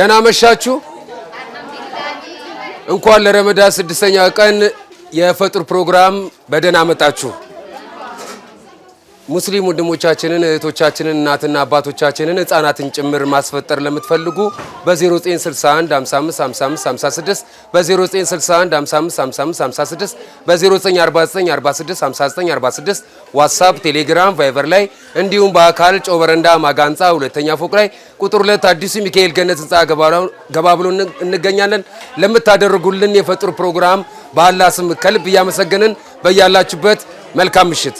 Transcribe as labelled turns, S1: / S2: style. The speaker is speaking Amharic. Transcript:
S1: ደህና መሻችሁ። እንኳን ለረመዳን ስድስተኛ ቀን የፈጥር ፕሮግራም በደህና መጣችሁ። ሙስሊም ወንድሞቻችንን እህቶቻችንን እናትና አባቶቻችንን ህጻናትን ጭምር ማስፈጠር ለምትፈልጉ በ0961 555556 በ0961 በ0949465946 ዋትሳፕ፣ ቴሌግራም፣ ቫይቨር ላይ እንዲሁም በአካል ጮበረንዳ ማጋ ህንፃ ሁለተኛ ፎቅ ላይ ቁጥር ሁለት አዲሱ ሚካኤል ገነት ህንፃ ገባ ብሎ እንገኛለን። ለምታደርጉልን የፈጥሩ ፕሮግራም በአላህ ስም ከልብ እያመሰገንን በያላችሁበት መልካም ምሽት